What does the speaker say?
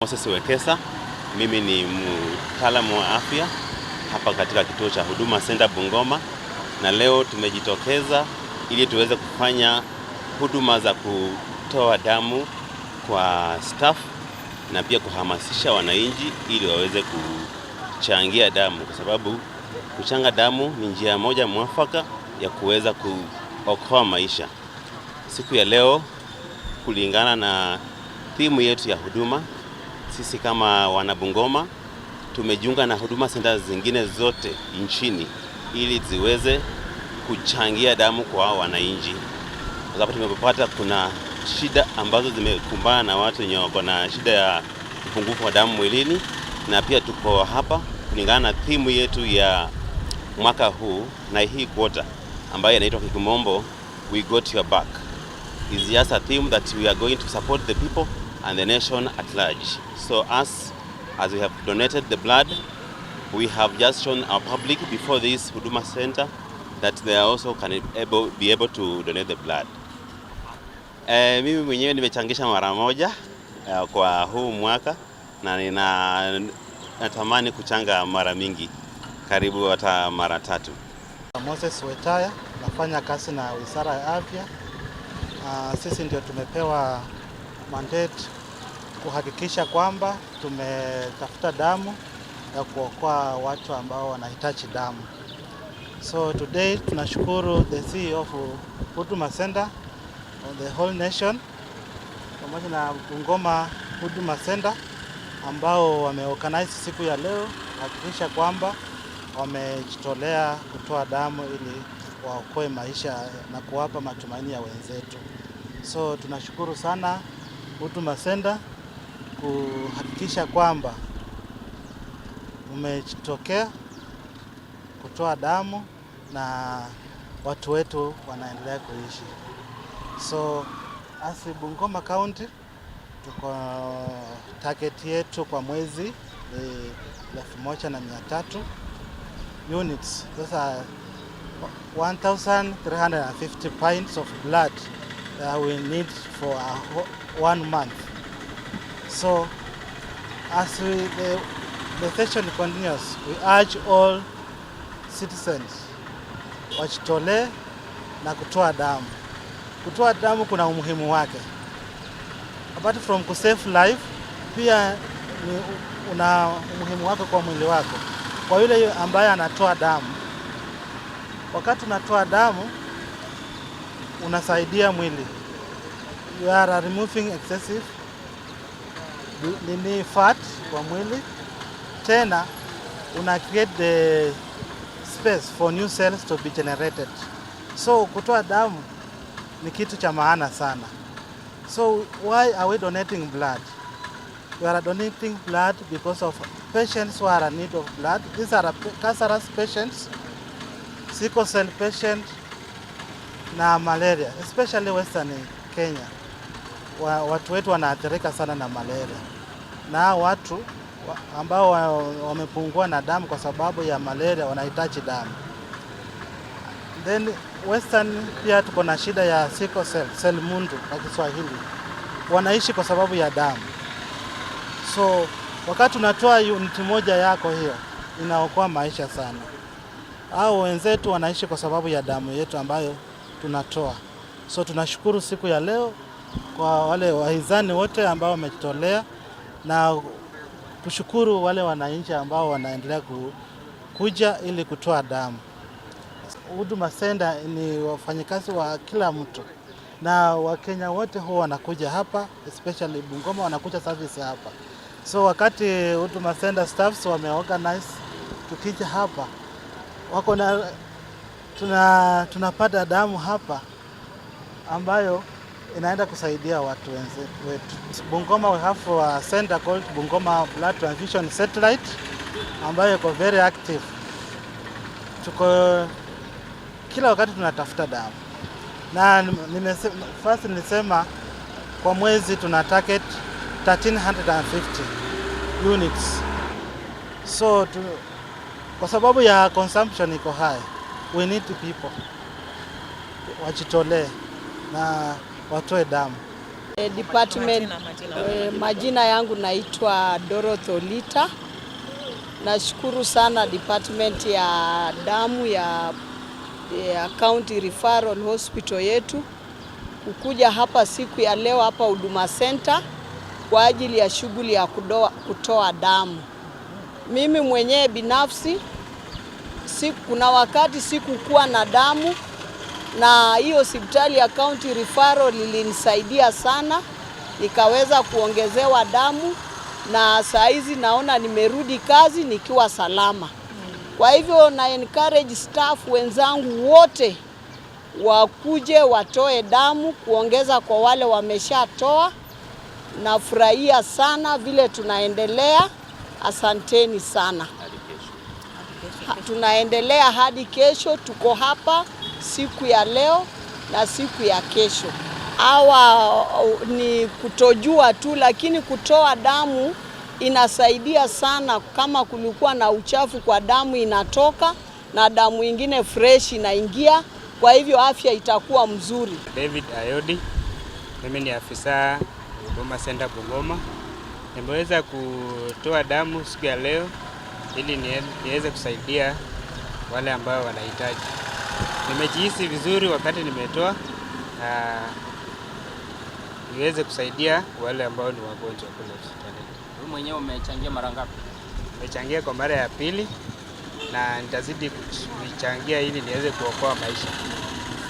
Moses Wekesa, mimi ni mtaalamu wa afya hapa katika kituo cha Huduma Center Bungoma, na leo tumejitokeza ili tuweze kufanya huduma za kutoa damu kwa staff na pia kuhamasisha wananchi ili waweze kuchangia damu, kwa sababu kuchanga damu ni njia moja mwafaka ya kuweza kuokoa maisha. Siku ya leo kulingana na timu yetu ya huduma sisi kama wanabungoma tumejiunga na huduma senta zingine zote nchini ili ziweze kuchangia damu kwa wananchi, kwa sababu tumepata kuna shida ambazo zimekumbana na watu wenye wako na shida ya upungufu wa damu mwilini, na pia tuko hapa kulingana na thimu yetu ya mwaka huu na hii kwota ambayo inaitwa kikimombo we got your back is just a team that we are going to support the people and the nation at large. So us, as we have donated the blood, we have just shown our public before this Huduma Center that they also can able, be able to donate the blood. E, mimi mwenyewe nimechangisha mara moja e, kwa huu mwaka na nina natamani kuchanga mara mingi karibu hata mara tatu. Moses Wetaya nafanya kazi na Wizara ya Afya. Uh, sisi ndio tumepewa mandate kuhakikisha kwamba tumetafuta damu ya kuokoa watu ambao wanahitaji damu. So today tunashukuru the CEO of Huduma Center of the whole nation pamoja na Bungoma Huduma Center ambao wameorganize siku ya leo kuhakikisha kwamba wamejitolea kutoa damu ili waokoe maisha na kuwapa matumaini ya wenzetu. So tunashukuru sana Huduma Center kuhakikisha kwamba umetokea kutoa damu na watu wetu wanaendelea kuishi. So asi Bungoma County tuko target yetu kwa mwezi ni elfu moja na mia tatu units. Sasa 1350 pints of blood that we need for a one month. So, as we, the, the session continues, we urge all citizens wajitolee na kutoa damu. Kutoa damu kuna umuhimu wake, apart from ku save life, pia ni una umuhimu wake kwa mwili wako, kwa yule ambaye anatoa damu. Wakati unatoa damu unasaidia mwili, you are removing excessive nini fat kwa mwili, tena una create the space for new cells to be generated. So kutoa damu ni kitu cha maana sana. So why are we donating blood? We are donating blood because of patients who are in need of blood. These are cancerous patients, sickle cell patient na malaria, especially Western Kenya wa, watu wetu wanaathirika sana na malaria, na watu wa, ambao wamepungua na damu kwa sababu ya malaria wanahitaji damu. Then Western pia tuko na shida ya sickle cell, cell mundu kwa Kiswahili, wanaishi kwa sababu ya damu. So wakati unatoa uniti moja yako, hiyo inaokoa maisha sana. Au wenzetu wanaishi kwa sababu ya damu yetu ambayo tunatoa. So tunashukuru siku ya leo kwa wale wahizani wote ambao wamejitolea na kushukuru wale wananchi ambao wanaendelea kuja ili kutoa damu. Huduma Center ni wafanyikazi wa kila mtu na Wakenya wote huwa wanakuja hapa, especially Bungoma wanakuja service hapa. So wakati Huduma Center staffs wameorganize, tukija hapa wako na tunapata tuna damu hapa ambayo inaenda kusaidia watu wetu. Bungoma we have a center called Bungoma Blood Transfusion Satellite ambayo iko very active. Tuko kila wakati tunatafuta damu na nimesema, first nilisema kwa mwezi tuna target 1350 units so tu, kwa sababu ya consumption iko high, we need people wajitolee na watoe damu. E, department e, majina yangu naitwa Dorothy Olita. Nashukuru sana department ya damu ya, ya County Referral Hospital yetu kukuja hapa siku ya leo hapa Huduma Center kwa ajili ya shughuli ya kudoa, kutoa damu. Mimi mwenyewe binafsi siku, kuna wakati sikukuwa na damu na hiyo hospitali ya county referral lilinisaidia sana, nikaweza kuongezewa damu na saa hizi naona nimerudi kazi nikiwa salama. Kwa hivyo na encourage staff wenzangu wote wakuje watoe damu kuongeza kwa wale wameshatoa. Nafurahia sana vile tunaendelea, asanteni sana. Tunaendelea hadi kesho, tuko hapa siku ya leo na siku ya kesho. Hawa uh, ni kutojua tu, lakini kutoa damu inasaidia sana. Kama kulikuwa na uchafu kwa damu inatoka na damu ingine fresh inaingia, kwa hivyo afya itakuwa mzuri. David Ayodi, mimi ni afisa Huduma Center Bungoma. Nimeweza kutoa damu siku ya leo ili niweze kusaidia wale ambao wanahitaji. Nimejihisi vizuri wakati nimetoa na niweze kusaidia wale ambao ni wagonjwa kule hospitalini. Wewe mwenyewe umechangia mara ngapi? Nimechangia kwa mara ya pili na nitazidi kuchangia ili niweze kuokoa maisha.